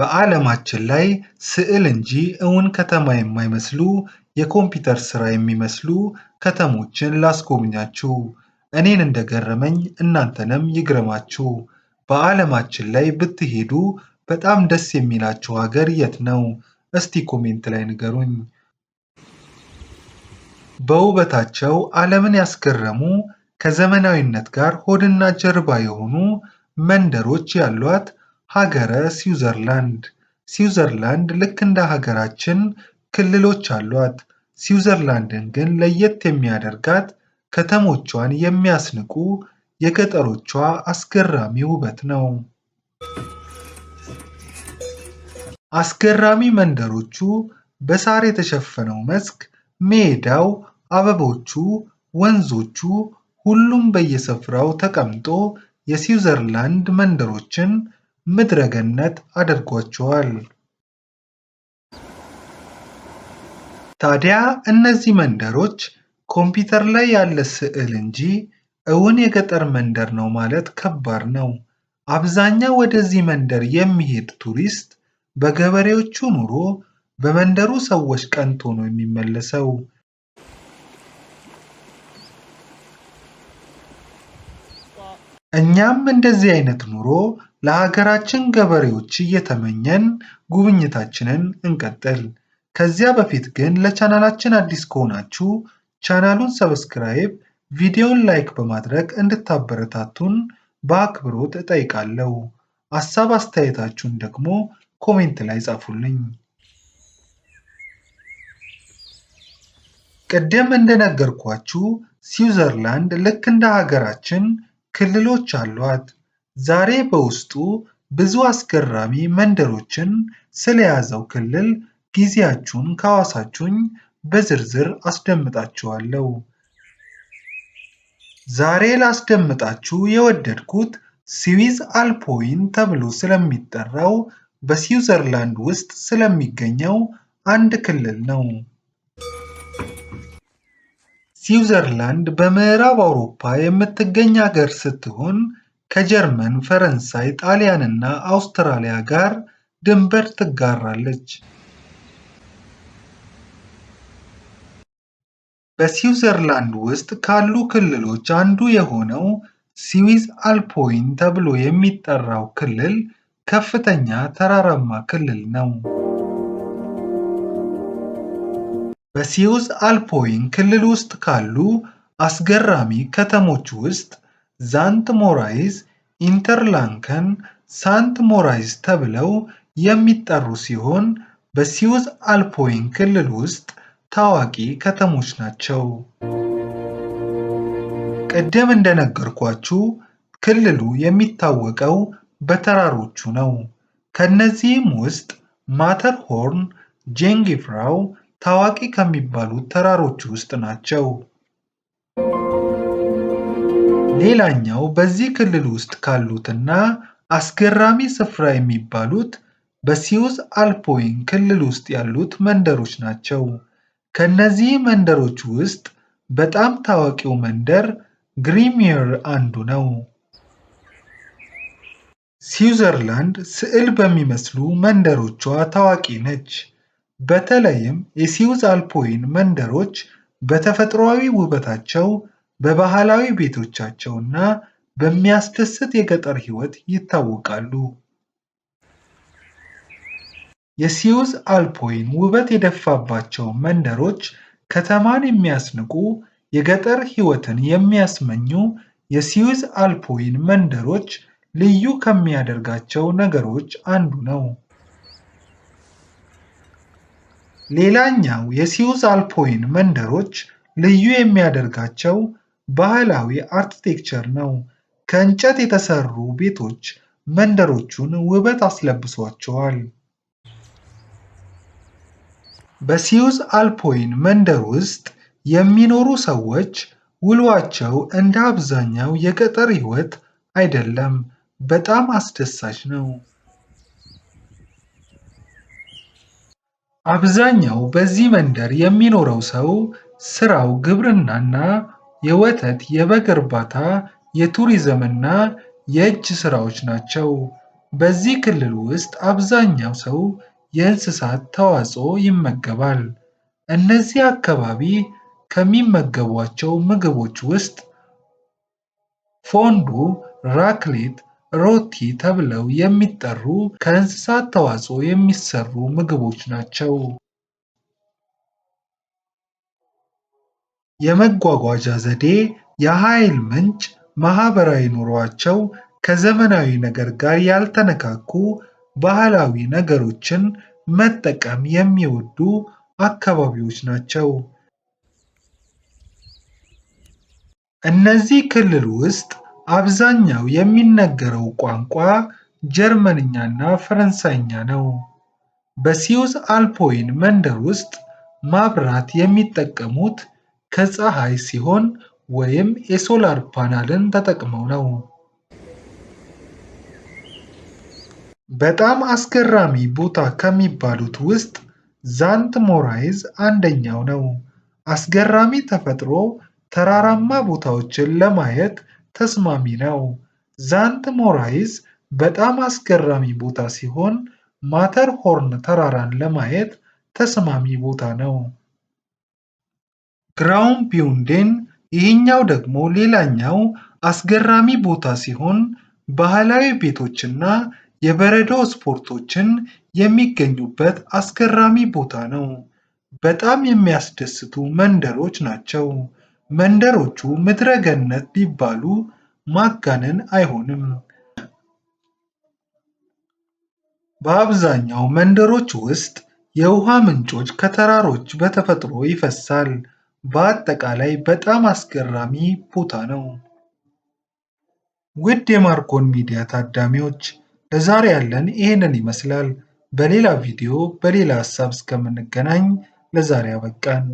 በዓለማችን ላይ ስዕል እንጂ እውን ከተማ የማይመስሉ የኮምፒውተር ስራ የሚመስሉ ከተሞችን ላስጎብኛችሁ። እኔን እንደገረመኝ እናንተንም ይግረማችሁ። በዓለማችን ላይ ብትሄዱ በጣም ደስ የሚላችሁ ሀገር የት ነው? እስቲ ኮሜንት ላይ ንገሩኝ። በውበታቸው ዓለምን ያስገረሙ ከዘመናዊነት ጋር ሆድና ጀርባ የሆኑ መንደሮች ያሏት ሀገረ ስዊዘርላንድ ስዊዘርላንድ ልክ እንደ ሀገራችን ክልሎች አሏት። ስዊዘርላንድን ግን ለየት የሚያደርጋት ከተሞቿን የሚያስንቁ የገጠሮቿ አስገራሚ ውበት ነው። አስገራሚ መንደሮቹ፣ በሳር የተሸፈነው መስክ፣ ሜዳው፣ አበቦቹ፣ ወንዞቹ፣ ሁሉም በየስፍራው ተቀምጦ የስዊዘርላንድ መንደሮችን ምድረገነት አድርጓቸዋል። ታዲያ እነዚህ መንደሮች ኮምፒውተር ላይ ያለ ስዕል እንጂ እውን የገጠር መንደር ነው ማለት ከባድ ነው። አብዛኛው ወደዚህ መንደር የሚሄድ ቱሪስት በገበሬዎቹ ኑሮ፣ በመንደሩ ሰዎች ቀንቶ ነው የሚመለሰው። እኛም እንደዚህ አይነት ኑሮ ለሀገራችን ገበሬዎች እየተመኘን ጉብኝታችንን እንቀጥል። ከዚያ በፊት ግን ለቻናላችን አዲስ ከሆናችሁ ቻናሉን ሰብስክራይብ፣ ቪዲዮውን ላይክ በማድረግ እንድታበረታቱን በአክብሮት እጠይቃለሁ። ሀሳብ አስተያየታችሁን ደግሞ ኮሜንት ላይ ጻፉልኝ። ቅድም እንደነገርኳችሁ ስዊዘርላንድ ልክ እንደ ሀገራችን ክልሎች አሏት። ዛሬ በውስጡ ብዙ አስገራሚ መንደሮችን ስለያዘው ክልል ጊዜያችሁን ካዋሳችሁኝ በዝርዝር አስደምጣችኋለሁ። ዛሬ ላስደምጣችሁ የወደድኩት ስዊዝ አልፖይን ተብሎ ስለሚጠራው በስዊዘርላንድ ውስጥ ስለሚገኘው አንድ ክልል ነው። ስዊዘርላንድ በምዕራብ አውሮፓ የምትገኝ ሀገር ስትሆን ከጀርመን፣ ፈረንሳይ፣ ጣሊያንና አውስትራሊያ ጋር ድንበር ትጋራለች። በስዊዘርላንድ ውስጥ ካሉ ክልሎች አንዱ የሆነው ሲዊዝ አልፖይን ተብሎ የሚጠራው ክልል ከፍተኛ ተራራማ ክልል ነው። በስዊስ አልፖይን ክልል ውስጥ ካሉ አስገራሚ ከተሞች ውስጥ ዛንት ኢንተርላንከን ሳንት ሞራይዝ ተብለው የሚጠሩ ሲሆን በሲውዝ አልፖይን ክልል ውስጥ ታዋቂ ከተሞች ናቸው። ቅድም እንደነገርኳችሁ ክልሉ የሚታወቀው በተራሮቹ ነው። ከእነዚህም ውስጥ ማተርሆርን፣ ጄንጊፍራው ታዋቂ ከሚባሉት ተራሮች ውስጥ ናቸው። ሌላኛው በዚህ ክልል ውስጥ ካሉትና አስገራሚ ስፍራ የሚባሉት በሲዩዝ አልፖይን ክልል ውስጥ ያሉት መንደሮች ናቸው። ከነዚህ መንደሮች ውስጥ በጣም ታዋቂው መንደር ግሪሚየር አንዱ ነው። ስዊዘርላንድ ስዕል በሚመስሉ መንደሮቿ ታዋቂ ነች። በተለይም የሲዩዝ አልፖይን መንደሮች በተፈጥሯዊ ውበታቸው በባህላዊ ቤቶቻቸውና በሚያስደስት የገጠር ህይወት ይታወቃሉ። የሲዩዝ አልፖይን ውበት የደፋባቸው መንደሮች ከተማን የሚያስንቁ የገጠር ህይወትን የሚያስመኙ የሲዩዝ አልፖይን መንደሮች ልዩ ከሚያደርጋቸው ነገሮች አንዱ ነው። ሌላኛው የሲዩዝ አልፖይን መንደሮች ልዩ የሚያደርጋቸው ባህላዊ አርኪቴክቸር ነው። ከእንጨት የተሰሩ ቤቶች መንደሮቹን ውበት አስለብሷቸዋል። በሲዩዝ አልፖይን መንደር ውስጥ የሚኖሩ ሰዎች ውሏቸው እንደ አብዛኛው የገጠር ሕይወት አይደለም፣ በጣም አስደሳች ነው። አብዛኛው በዚህ መንደር የሚኖረው ሰው ስራው ግብርናና የወተት፣ የበግ እርባታ፣ የቱሪዝምና የእጅ ሥራዎች ናቸው። በዚህ ክልል ውስጥ አብዛኛው ሰው የእንስሳት ተዋጽኦ ይመገባል። እነዚህ አካባቢ ከሚመገቧቸው ምግቦች ውስጥ ፎንዱ፣ ራክሌት፣ ሮቲ ተብለው የሚጠሩ ከእንስሳት ተዋጽኦ የሚሰሩ ምግቦች ናቸው። የመጓጓዣ ዘዴ የኃይል ምንጭ ማህበራዊ ኑሯቸው ከዘመናዊ ነገር ጋር ያልተነካኩ ባህላዊ ነገሮችን መጠቀም የሚወዱ አካባቢዎች ናቸው። እነዚህ ክልል ውስጥ አብዛኛው የሚነገረው ቋንቋ ጀርመንኛና ፈረንሳይኛ ነው። በሲዩዝ አልፖይን መንደር ውስጥ ማብራት የሚጠቀሙት ከፀሐይ ሲሆን ወይም የሶላር ፓናልን ተጠቅመው ነው። በጣም አስገራሚ ቦታ ከሚባሉት ውስጥ ዛንት ሞራይዝ አንደኛው ነው። አስገራሚ ተፈጥሮ ተራራማ ቦታዎችን ለማየት ተስማሚ ነው። ዛንት ሞራይዝ በጣም አስገራሚ ቦታ ሲሆን ማተር ሆርን ተራራን ለማየት ተስማሚ ቦታ ነው። ግራውን ቢውንዴን ይህኛው ደግሞ ሌላኛው አስገራሚ ቦታ ሲሆን ባህላዊ ቤቶችና የበረዶ ስፖርቶችን የሚገኙበት አስገራሚ ቦታ ነው። በጣም የሚያስደስቱ መንደሮች ናቸው። መንደሮቹ ምድረገነት ቢባሉ ማጋነን አይሆንም። በአብዛኛው መንደሮች ውስጥ የውሃ ምንጮች ከተራሮች በተፈጥሮ ይፈሳል። በአጠቃላይ በጣም አስገራሚ ቦታ ነው። ውድ የማርኮን ሚዲያ ታዳሚዎች ለዛሬ ያለን ይህንን ይመስላል። በሌላ ቪዲዮ በሌላ ሀሳብ እስከምንገናኝ ለዛሬ አበቃን።